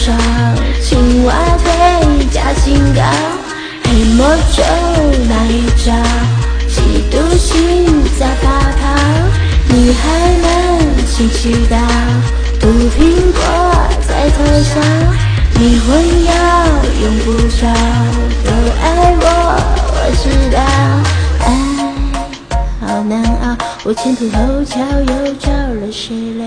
燒青蛙腿，假清高，黑魔咒哪一招，嫉妒心在發泡。女孩們請祈禱，毒蘋果在偷笑。迷魂藥用不著，都愛我，我知道，愛好難熬，我前凸後翹又招了誰撩？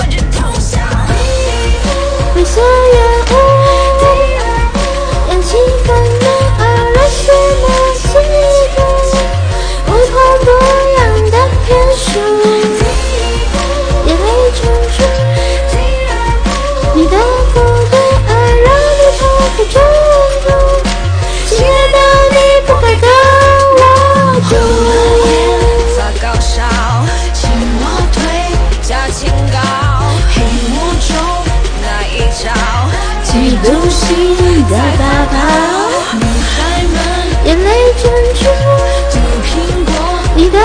我只投降。忌妒心在發泡，女孩們，眼淚珍珠毒蘋果，你的。